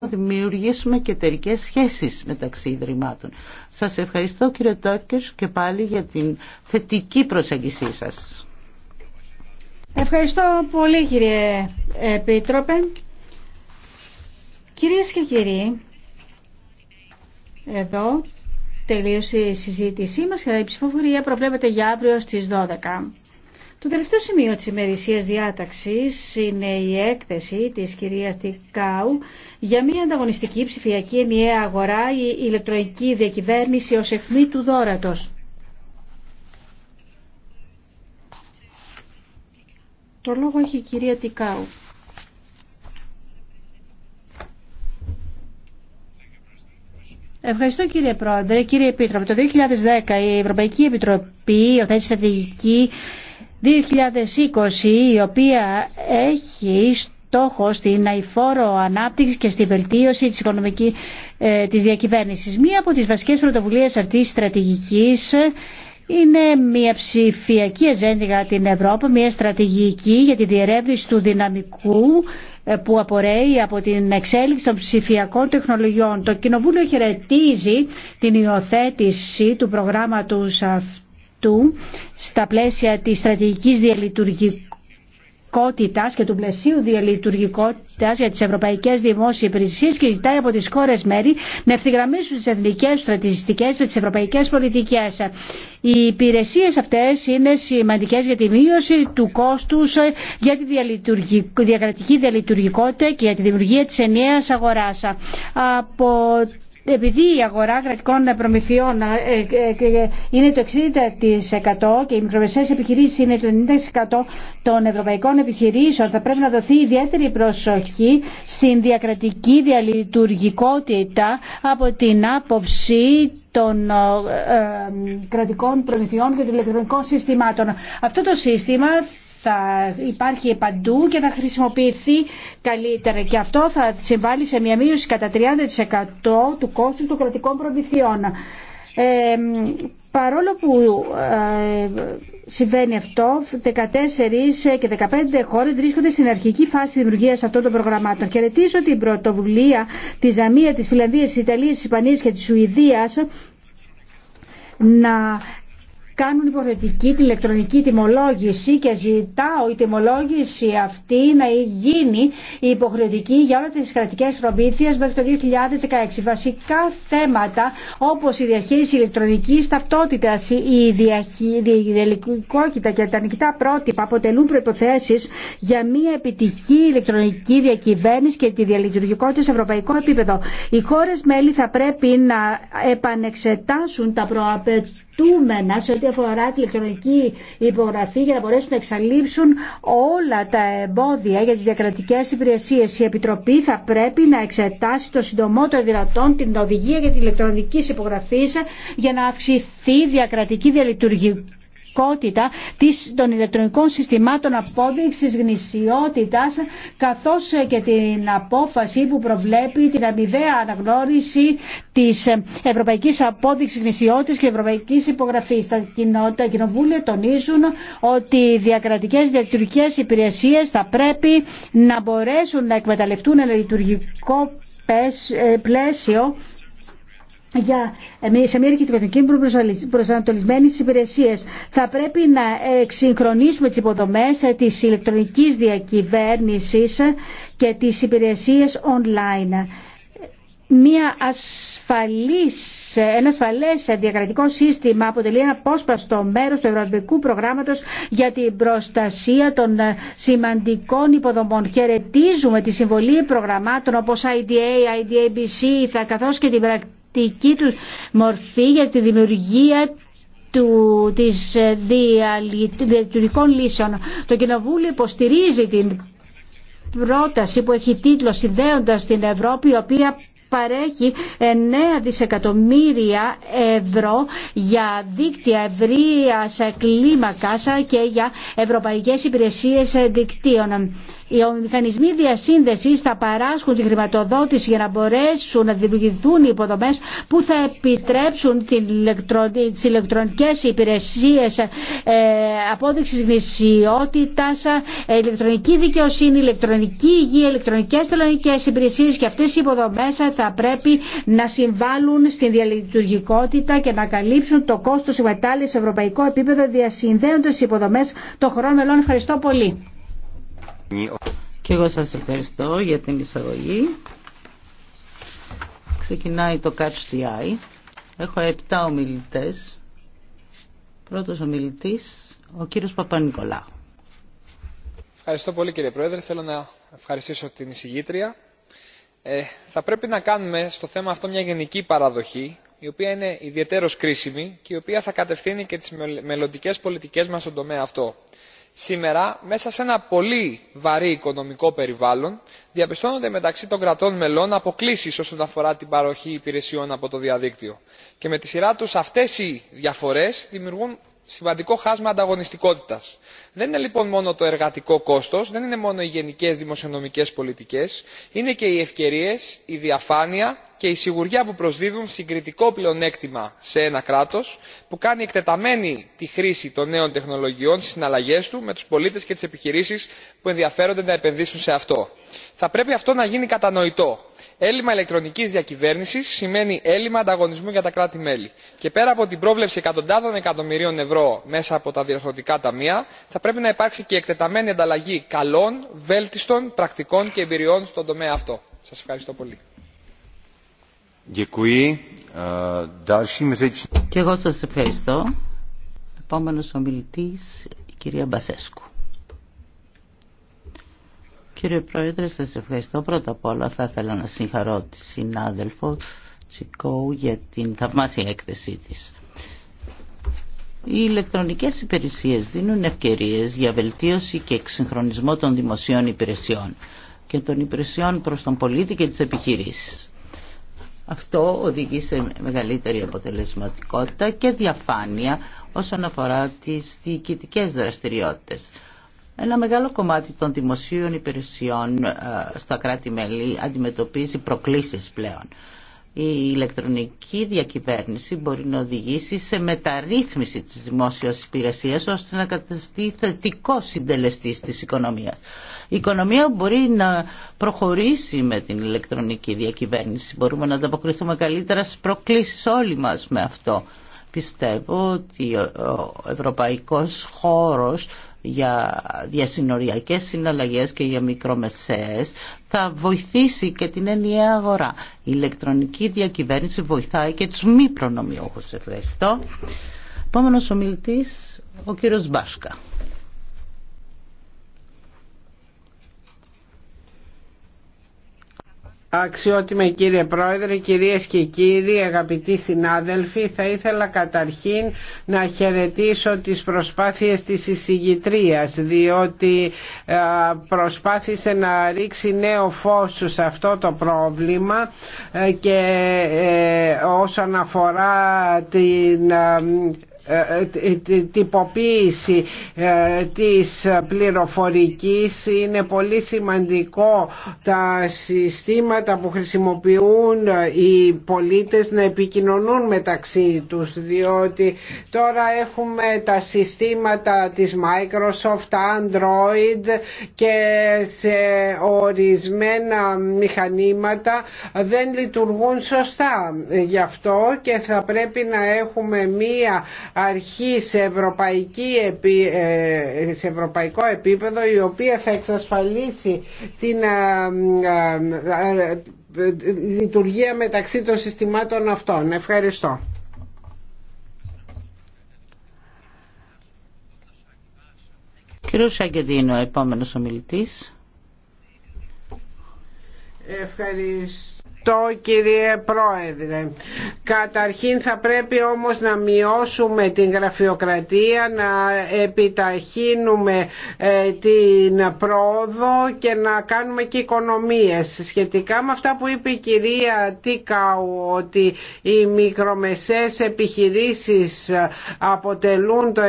να δημιουργήσουμε και εταιρικέ σχέσεις μεταξύ Ιδρυμάτων. Σας ευχαριστώ κύριε Τόκερ και πάλι για την θετική προσέγγισή σας. Ευχαριστώ πολύ κύριε Επίτροπε. Κυρίες και κύριοι, εδώ τελείωσε η συζήτησή μας και η ψηφοφορία προβλέπεται για αύριο στις 12. Το τελευταίο σημείο της ημερησίας διάταξης είναι η έκθεση της κυρίας Τικάου για μια ανταγωνιστική ψηφιακή ενιαία αγορά η ηλεκτρονική διακυβέρνηση ως αιχμή του δόρατος. Το λόγο έχει η κυρία Τικάου. Ευχαριστώ κύριε Πρόεδρε. Κύριε Επίτροπε, το 2010 η Ευρωπαϊκή Επιτροπή οθέτει στρατηγική 2020 η οποία έχει στόχο στην αηφόρο ανάπτυξη και στη βελτίωση της οικονομικής ε, της διακυβέρνησης. Μία από τις βασικές πρωτοβουλίες αυτής της στρατηγικής είναι μια ψηφιακή ατζέντα για την Ευρώπη, μια στρατηγική για τη διερεύνηση του δυναμικού ε, που απορρέει από την εξέλιξη των ψηφιακών τεχνολογιών. Το Κοινοβούλιο χαιρετίζει την υιοθέτηση του προγράμματος αυτού του στα πλαίσια της στρατηγικής διαλειτουργικότητας και του πλαισίου διαλειτουργικότητας για τι ευρωπαϊκέ δημόσιες υπηρεσίες και ζητάει από τις χώρες μέρη να ευθυγραμμίσουν τις εθνικές στρατιστικέ με τι ευρωπαϊκές πολιτικές. Οι υπηρεσίες αυτές είναι σημαντικές για τη μείωση του κόστους για τη διακρατική διαλειτουργικότητα και για τη δημιουργία της ενιαίας αγοράς. Από επειδή η αγορά κρατικών προμηθειών ε, ε, ε, είναι το 60% και οι μικρομεσαίες επιχειρήσεις είναι το 90% των ευρωπαϊκών επιχειρήσεων, θα πρέπει να δοθεί ιδιαίτερη προσοχή στην διακρατική διαλειτουργικότητα από την άποψη των ε, ε, κρατικών προμηθειών και των ηλεκτρονικών συστημάτων. Αυτό το σύστημα θα υπάρχει παντού και θα χρησιμοποιηθεί καλύτερα. Και αυτό θα συμβάλλει σε μια μείωση κατά 30% του κόστου των κρατικών προμηθειών. Ε, Παρόλο που ε, συμβαίνει αυτό, 14 και 15 χώρες βρίσκονται στην αρχική φάση δημιουργίας αυτών των προγραμμάτων. Χαιρετίζω την πρωτοβουλία της Ζαμία, της Φιλανδίας, της Ιταλίας, της Ισπανίας και της Σουηδίας να κάνουν υποχρεωτική την ηλεκτρονική τιμολόγηση και ζητάω η τιμολόγηση αυτή να γίνει υποχρεωτική για όλες τις κρατικές προμήθειες μέχρι το 2016. Βασικά θέματα όπως η διαχείριση ηλεκτρονικής ταυτότητας, η διελικότητα και τα νικητά πρότυπα αποτελούν προϋποθέσεις για μια επιτυχή ηλεκτρονική διακυβέρνηση και τη διαλειτουργικότητα σε ευρωπαϊκό επίπεδο. Οι χώρες μέλη θα πρέπει να επανεξετάσουν τα προαπαιτούμενα σε ό,τι αφορά την ηλεκτρονική υπογραφή για να μπορέσουν να εξαλείψουν όλα τα εμπόδια για τις διακρατικές υπηρεσίες. Η Επιτροπή θα πρέπει να εξετάσει το συντομότερο δυνατόν την οδηγία για την ηλεκτρονική υπογραφή για να αυξηθεί η διακρατική διαλειτουργική των ηλεκτρονικών συστημάτων απόδειξης γνησιότητας καθώς και την απόφαση που προβλέπει την αμοιβαία αναγνώριση της Ευρωπαϊκής Απόδειξης Γνησιότητας και Ευρωπαϊκής Υπογραφής. Τα, κοινοβούλια τονίζουν ότι οι διακρατικές διακτηρικές υπηρεσίες θα πρέπει να μπορέσουν να εκμεταλλευτούν ένα λειτουργικό ε, πλαίσιο για, ε, σε μια αρχιτεκτονική προσανατολισμένη στι υπηρεσίε. Θα πρέπει να εξυγχρονίσουμε τι υποδομέ ε, τη ηλεκτρονική διακυβέρνηση ε, και τι υπηρεσίε online. Μια ασφαλής, ένα ασφαλές διακρατικό σύστημα αποτελεί ένα απόσπαστο μέρος του Ευρωπαϊκού Προγράμματος για την προστασία των σημαντικών υποδομών. Χαιρετίζουμε τη συμβολή προγραμμάτων όπως IDA, IDABC, καθώς και την πρακτική πρακτική τους μορφή για τη δημιουργία του, της ε, διαλειτουργικών λύσεων. Το Κοινοβούλιο υποστηρίζει την πρόταση που έχει τίτλο «Συνδέοντας την Ευρώπη», η οποία παρέχει 9 δισεκατομμύρια ευρώ για δίκτυα ευρεία κλίμακας και για ευρωπαϊκές υπηρεσίες δικτύων. Οι μηχανισμοί διασύνδεση θα παράσχουν τη χρηματοδότηση για να μπορέσουν να δημιουργηθούν οι υποδομέ που θα επιτρέψουν τι ηλεκτρονικέ υπηρεσίε απόδειξη γνησιότητα, ε, ηλεκτρονική δικαιοσύνη, ηλεκτρονική υγεία, ηλεκτρονικέ τελωνικέ υπηρεσίε και αυτέ οι υποδομέ θα πρέπει να συμβάλλουν στην διαλειτουργικότητα και να καλύψουν το κόστο συμμετάλληλη σε ευρωπαϊκό επίπεδο διασυνδέοντα υποδομέ των χωρών μελών. Ευχαριστώ πολύ. Και εγώ σας ευχαριστώ για την εισαγωγή. Ξεκινάει το Catch the Eye. Έχω 7 ομιλητές. Πρώτος ομιλητής, ο κύριος Παπα-Νικολάου. Ευχαριστώ πολύ κύριε Πρόεδρε. Θέλω να ευχαριστήσω την εισηγήτρια. Ε, θα πρέπει να κάνουμε στο θέμα αυτό μια γενική παραδοχή, η οποία είναι ιδιαίτερος κρίσιμη και η οποία θα κατευθύνει και τις μελλοντικέ πολιτικές μας στον τομέα αυτό σήμερα μέσα σε ένα πολύ βαρύ οικονομικό περιβάλλον διαπιστώνονται μεταξύ των κρατών μελών αποκλίσεις όσον αφορά την παροχή υπηρεσιών από το διαδίκτυο και με τη σειρά τους αυτές οι διαφορές δημιουργούν σημαντικό χάσμα ανταγωνιστικότητας. δεν είναι λοιπόν μόνο το εργατικό κόστος δεν είναι μόνο οι γενικές δημοσιονομικές πολιτικές είναι και οι ευκαιρίες η διαφάνεια και η σιγουριά που προσδίδουν συγκριτικό πλεονέκτημα σε ένα κράτος που κάνει εκτεταμένη τη χρήση των νέων τεχνολογιών στις συναλλαγές του με τους πολίτες και τις επιχειρήσεις που ενδιαφέρονται να επενδύσουν σε αυτό. θα πρέπει αυτό να γίνει κατανοητό. έλλειμμα ηλεκτρονική διακυβέρνηση σημαίνει έλλειμμα ανταγωνισμού για τα κράτη μέλη και πέρα από την πρόβλεψη εκατοντάδων εκατομμυρίων ευρώ μέσα από τα διαρθρωτικά ταμεία θα πρέπει να υπάρξει και εκτεταμένη ανταλλαγή καλών βέλτιστων πρακτικών και εμπειριών στον τομέα αυτό. Σα ευχαριστώ πολύ. E, και εγώ σας ευχαριστώ. Επόμενος ομιλητής, η κυρία Μπασέσκου. Κύριε Πρόεδρε, σας ευχαριστώ. Πρώτα απ' όλα θα ήθελα να συγχαρώ τη συνάδελφο Τσικόου για την θαυμάσια έκθεσή της. Οι ηλεκτρονικές υπηρεσίες δίνουν ευκαιρίες για βελτίωση και εξυγχρονισμό των δημοσίων υπηρεσιών και των υπηρεσιών προς τον πολίτη και τις επιχειρήσεις. Αυτό οδηγεί σε μεγαλύτερη αποτελεσματικότητα και διαφάνεια όσον αφορά τις διοικητικές δραστηριότητες. Ένα μεγάλο κομμάτι των δημοσίων υπηρεσιών ε, στα κράτη-μέλη αντιμετωπίζει προκλήσεις πλέον. Η ηλεκτρονική διακυβέρνηση μπορεί να οδηγήσει σε μεταρρύθμιση της δημόσιας υπηρεσίας ώστε να καταστεί θετικό συντελεστή της οικονομίας. Η οικονομία μπορεί να προχωρήσει με την ηλεκτρονική διακυβέρνηση. Μπορούμε να ανταποκριθούμε καλύτερα στις προκλήσεις όλοι μας με αυτό. Πιστεύω ότι ο ευρωπαϊκός χώρος για διασυνοριακές συναλλαγές και για μικρομεσαίες θα βοηθήσει και την ενιαία αγορά. Η ηλεκτρονική διακυβέρνηση βοηθάει και τους μη προνομιούχους. Ευχαριστώ. Επόμενος ομιλητής, ο κύριος Μπάσκα. Αξιότιμε κύριε Πρόεδρε, κυρίες και κύριοι, αγαπητοί συνάδελφοι, θα ήθελα καταρχήν να χαιρετήσω τις προσπάθειες της εισηγητρίας, διότι προσπάθησε να ρίξει νέο φως σε αυτό το πρόβλημα ε, και ε, όσον αφορά την ε, ε, ε, τυποποίηση της πληροφορικής είναι πολύ σημαντικό τα συστήματα που χρησιμοποιούν οι πολίτες να επικοινωνούν μεταξύ τους διότι τώρα έχουμε τα συστήματα της Microsoft, Android και σε ορισμένα μηχανήματα δεν λειτουργούν σωστά γι' αυτό και θα πρέπει να έχουμε μία αρχή σε, ευρωπαϊκή, ε, σε ευρωπαϊκό επίπεδο η οποία θα εξασφαλίσει την ε, ε, λειτουργία μεταξύ των συστημάτων αυτών. Ευχαριστώ. Κύριο Σαγκεντίνο, επόμενος ομιλητής. Ευχαριστώ. Ευχαριστώ κύριε Πρόεδρε. Καταρχήν θα πρέπει όμως να μειώσουμε την γραφειοκρατία, να επιταχύνουμε ε, την πρόοδο και να κάνουμε και οικονομίες. Σχετικά με αυτά που είπε η κυρία Τίκαου ότι οι μικρομεσαίες επιχειρήσεις αποτελούν το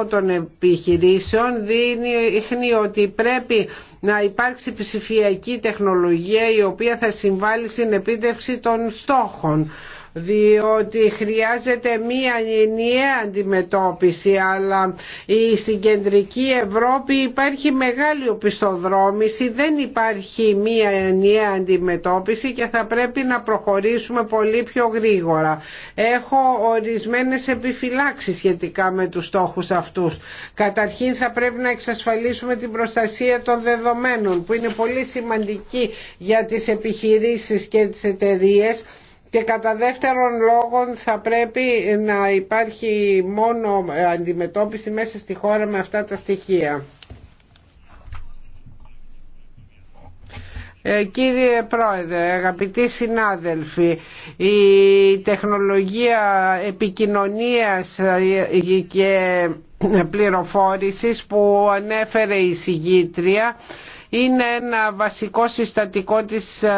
90% των επιχειρήσεων δείχνει ότι πρέπει να υπάρξει ψηφιακή τεχνολογία η οποία θα συμβάλλει στην επίτευξη των στόχων διότι χρειάζεται μία ενιαία αντιμετώπιση αλλά η συγκεντρική Ευρώπη υπάρχει μεγάλη οπισθοδρόμηση δεν υπάρχει μία ενιαία αντιμετώπιση και θα πρέπει να προχωρήσουμε πολύ πιο γρήγορα έχω ορισμένες επιφυλάξεις σχετικά με τους στόχους αυτούς καταρχήν θα πρέπει να εξασφαλίσουμε την προστασία των δεδομένων που είναι πολύ σημαντική για τις επιχειρήσεις και τις εταιρείες και κατά δεύτερον λόγον θα πρέπει να υπάρχει μόνο αντιμετώπιση μέσα στη χώρα με αυτά τα στοιχεία. Ε, κύριε Πρόεδρε, αγαπητοί συνάδελφοι, η τεχνολογία επικοινωνίας ε, και πληροφόρησης που ανέφερε η συγγήτρια είναι ένα βασικό συστατικό της ε,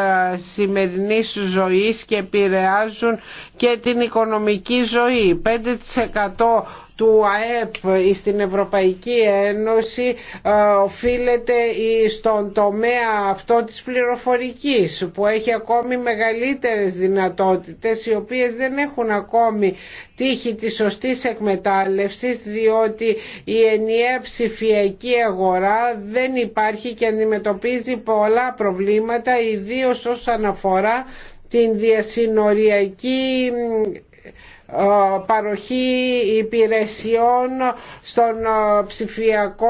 σημερινής ζωής και επηρεάζουν και την οικονομική ζωή. 5% του ΑΕΠ στην Ευρωπαϊκή Ένωση ε, οφείλεται στον τομέα αυτό της πληροφορικής που έχει ακόμη μεγαλύτερες δυνατότητες οι οποίες δεν έχουν ακόμη τύχη της σωστη εκμετάλλευσης διότι η ενιαία ψηφιακή αγορά δεν υπάρχει και αντιμετωπίζει πολλά προβλήματα ιδίως όσον αφορά την διασυνοριακή ε, παροχή υπηρεσιών στον ε, ψηφιακό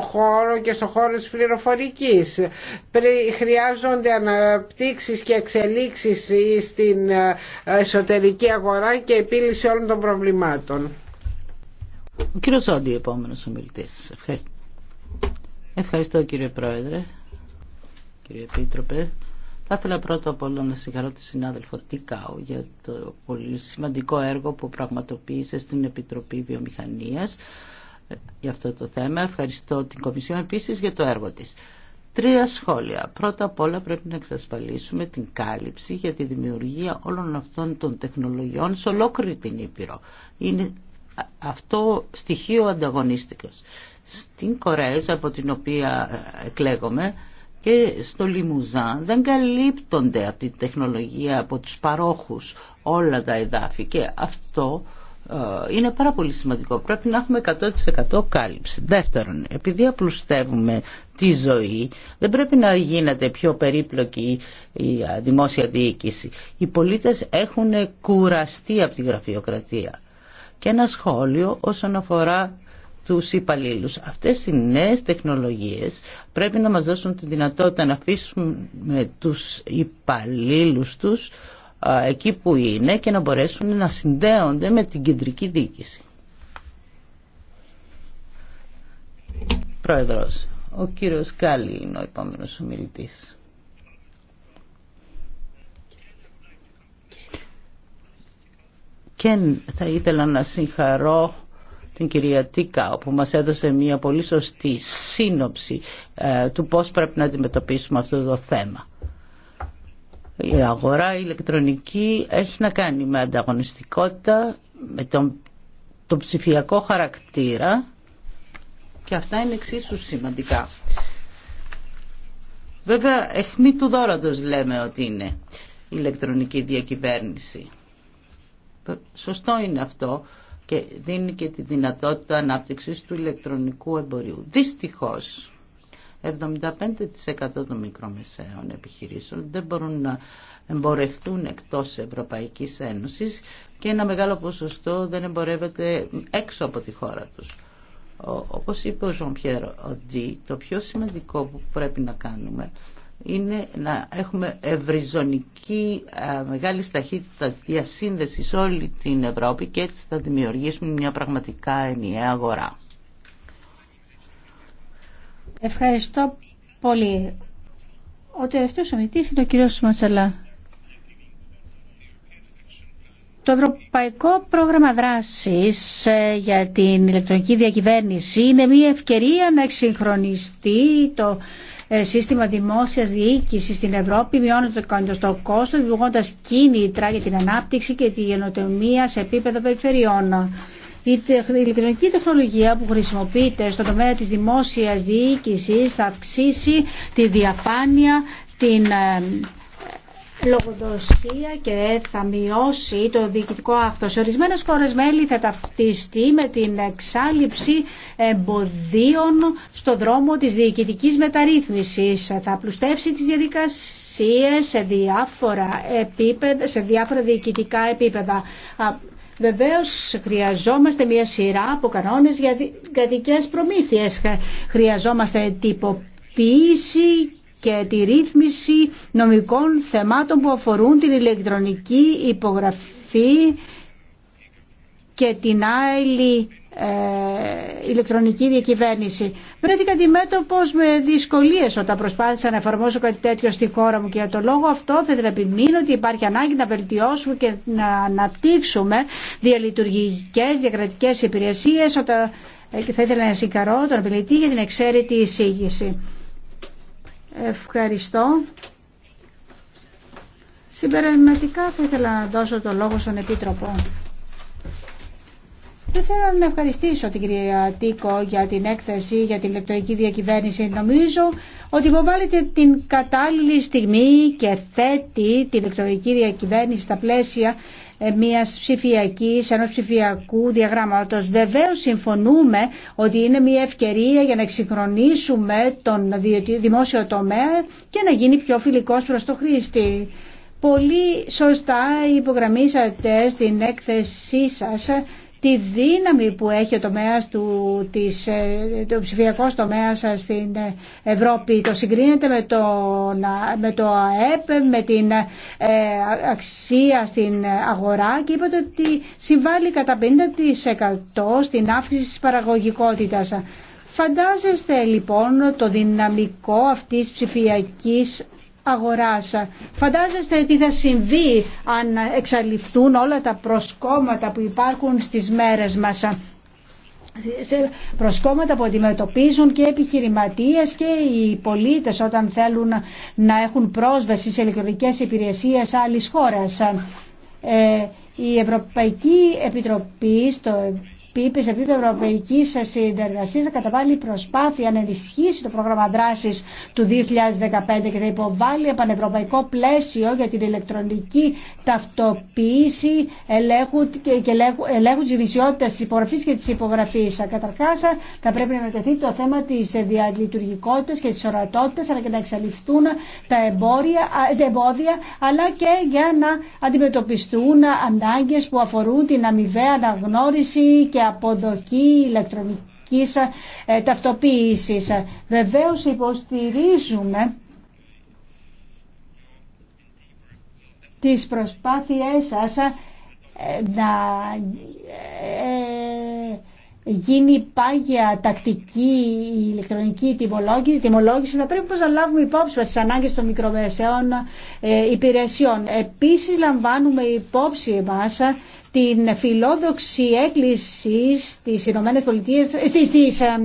χώρο και στον χώρο της πληροφορικής. Χρειάζονται αναπτύξεις και εξελίξεις στην ε, εσωτερική αγορά και επίλυση όλων των προβλημάτων. Ο κύριος Σόντι, επόμενος ομιλητής. Ευχαριστώ κύριε Πρόεδρε, κύριε Επίτροπε. Θα ήθελα πρώτα απ' όλα να συγχαρώ τη συνάδελφο Τικάου για το πολύ σημαντικό έργο που πραγματοποίησε στην Επιτροπή Βιομηχανίας ε, για αυτό το θέμα. Ευχαριστώ την Κομισιόν επίσης για το έργο της. Τρία σχόλια. Πρώτα απ' όλα πρέπει να εξασφαλίσουμε την κάλυψη για τη δημιουργία όλων αυτών των τεχνολογιών σε ολόκληρη την Ήπειρο. Είναι αυτό στοιχείο ανταγωνίστικος. Στην Κορέζα, από την οποία ε, εκλέγομαι και στο Λιμουζάν δεν καλύπτονται από την τεχνολογία, από τους παρόχους όλα τα εδάφη και αυτό ε, είναι πάρα πολύ σημαντικό. Πρέπει να έχουμε 100% κάλυψη. Δεύτερον, επειδή απλουστεύουμε τη ζωή, δεν πρέπει να γίνεται πιο περίπλοκη η δημόσια διοίκηση. Οι πολίτες έχουν κουραστεί από τη γραφειοκρατία. Και ένα σχόλιο όσον αφορά τους υπαλλήλους. Αυτές οι νέες τεχνολογίες πρέπει να μας δώσουν τη δυνατότητα να αφήσουμε τους υπαλλήλους τους εκεί που είναι και να μπορέσουν να συνδέονται με την κεντρική διοίκηση. Πρόεδρος, ο κύριος Κάλλη είναι ο επόμενος ομιλητής. Και θα ήθελα να συγχαρώ την κυρία Τίκα, που μας έδωσε μια πολύ σωστή σύνοψη ε, του πώς πρέπει να αντιμετωπίσουμε αυτό το θέμα. Η αγορά η ηλεκτρονική έχει να κάνει με ανταγωνιστικότητα, με τον, τον ψηφιακό χαρακτήρα και αυτά είναι εξίσου σημαντικά. Βέβαια, εχμή του δώρατος λέμε ότι είναι η ηλεκτρονική διακυβέρνηση. Σωστό είναι αυτό, και δίνει και τη δυνατότητα ανάπτυξης του ηλεκτρονικού εμπορίου. Δυστυχώς, 75% των μικρομεσαίων επιχειρήσεων δεν μπορούν να εμπορευτούν εκτός Ευρωπαϊκής Ένωσης και ένα μεγάλο ποσοστό δεν εμπορεύεται έξω από τη χώρα τους. Όπως είπε ο Πιέρ Οντί, το πιο σημαντικό που πρέπει να κάνουμε είναι να έχουμε ευρυζωνική μεγάλη ταχύτητα διασύνδεση σε όλη την Ευρώπη και έτσι θα δημιουργήσουμε μια πραγματικά ενιαία αγορά. Ευχαριστώ πολύ. Ο τελευταίο ομιλητή είναι ο κ. Ματσαλά. Το Ευρωπαϊκό Πρόγραμμα Δράσης ε, για την ηλεκτρονική διακυβέρνηση είναι μια ευκαιρία να εξυγχρονιστεί το ε, σύστημα δημόσια διοίκηση στην Ευρώπη, μειώνοντα το κόστο, δημιουργώντα κίνητρα για την ανάπτυξη και τη γενοτομία σε επίπεδο περιφερειών. Η ηλεκτρονική τεχνολογία που χρησιμοποιείται στον τομέα της δημόσιας διοίκησης θα αυξήσει τη διαφάνεια, την ε, λογοδοσία και θα μειώσει το διοικητικό αυτό. Σε ορισμένε χώρε μέλη θα ταυτιστεί με την εξάλληψη εμποδίων στο δρόμο της διοικητική μεταρρύθμιση. Θα πλουστεύσει τι διαδικασίε σε διάφορα, σε διάφορα διοικητικά επίπεδα. Βεβαίω, χρειαζόμαστε μια σειρά από κανόνε για κρατικέ προμήθειε. Χρειαζόμαστε τυποποίηση και τη ρύθμιση νομικών θεμάτων που αφορούν την ηλεκτρονική υπογραφή και την άλλη ε, ηλεκτρονική διακυβέρνηση. Βρέθηκα αντιμέτωπο με δυσκολίε όταν προσπάθησα να εφαρμόσω κάτι τέτοιο στη χώρα μου και για τον λόγο αυτό θα ήθελα επιμείνω ότι υπάρχει ανάγκη να βελτιώσουμε και να αναπτύξουμε διαλειτουργικέ διακρατικέ υπηρεσίε. Όταν... Ε, θα ήθελα να συγχαρώ τον απειλητή για την εξαίρετη εισήγηση. Ευχαριστώ. Συμπερασματικά θα ήθελα να δώσω το λόγο στον Επίτροπο. Δεν θέλω να ευχαριστήσω την κυρία Τίκο για την έκθεση για την ηλεκτρονική διακυβέρνηση. Νομίζω ότι υποβάλλεται την κατάλληλη στιγμή και θέτει την ηλεκτρονική διακυβέρνηση στα πλαίσια ε, μια ψηφιακή, ενό ψηφιακού διαγράμματο. Βεβαίω συμφωνούμε ότι είναι μια ευκαιρία για να εξυγχρονίσουμε τον δημόσιο τομέα και να γίνει πιο φιλικό προ το χρήστη. Πολύ σωστά υπογραμμίσατε στην έκθεσή σας τη δύναμη που έχει ο τομέας του, της, ε, το ψηφιακό τομέα στην ε, Ευρώπη. Το συγκρίνεται με το, με το ΑΕΠ, με την ε, αξία στην αγορά και είπατε ότι συμβάλλει κατά 50% στην αύξηση της παραγωγικότητας. Φαντάζεστε λοιπόν το δυναμικό αυτής ψηφιακής αγοράς. Φαντάζεστε τι θα συμβεί αν εξαλειφθούν όλα τα προσκόμματα που υπάρχουν στις μέρες μας. Σε προσκόμματα που αντιμετωπίζουν και επιχειρηματίες και οι πολίτες όταν θέλουν να έχουν πρόσβαση σε ηλεκτρονικές υπηρεσίες άλλης χώρας. Ε, η Ευρωπαϊκή Επιτροπή στο είπε σε επίπεδο ευρωπαϊκή συνεργασία θα καταβάλει προσπάθεια να ενισχύσει το πρόγραμμα δράση του 2015 και θα υποβάλει επανευρωπαϊκό πλαίσιο για την ηλεκτρονική ταυτοποίηση ελέγχου και ελέγχου, ελέγχου τη ιδιωσιότητα τη υπογραφή και τη υπογραφή. Καταρχά, θα πρέπει να μετεθεί το θέμα τη διαλειτουργικότητα και τη ορατότητα, αλλά και να εξαλειφθούν τα, εμπόρια, τα εμπόδια, αλλά και για να αντιμετωπιστούν ανάγκε που αφορούν την αμοιβαία αναγνώριση και και αποδοχή ηλεκτρονικής ε, ταυτοποίησης. Βεβαίως υποστηρίζουμε τις προσπάθειές σας ε, να γίνει πάγια τακτική ηλεκτρονική τιμολόγηση, τιμολόγηση θα πρέπει να λάβουμε υπόψη μας τις ανάγκες των μικρομεσαίων ε, υπηρεσιών. Επίσης λαμβάνουμε υπόψη μας την φιλόδοξη έκκληση στις Ηνωμένες Πολιτείες, ε, στις, στις ε,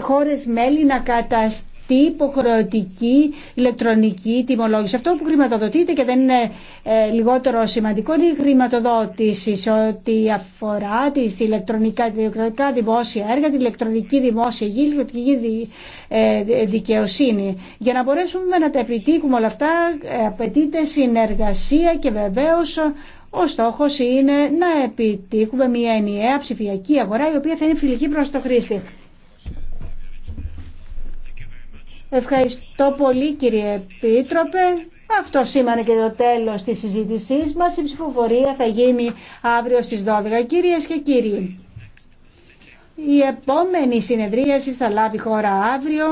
χώρες μέλη να καταστήσουν την υποχρεωτική ηλεκτρονική τιμολόγηση. Αυτό που χρηματοδοτείται και δεν είναι ε, λιγότερο σημαντικό είναι η χρηματοδότηση σε ό,τι αφορά τι ηλεκτρονικά, ηλεκτρονικά δημόσια έργα, την ηλεκτρονική δημόσια γη, ηλεκτρονική ε, δικαιοσύνη. Για να μπορέσουμε να τα επιτύχουμε όλα αυτά ε, απαιτείται συνεργασία και βεβαίως ο στόχο είναι να επιτύχουμε μια ενιαία ψηφιακή αγορά η οποία θα είναι φιλική προ το χρήστη. Ευχαριστώ πολύ κύριε Επίτροπε. Αυτό σήμανε και το τέλος της συζήτησής μας. Η ψηφοφορία θα γίνει αύριο στις 12. Κυρίες και κύριοι, η επόμενη συνεδρίαση θα λάβει χώρα αύριο.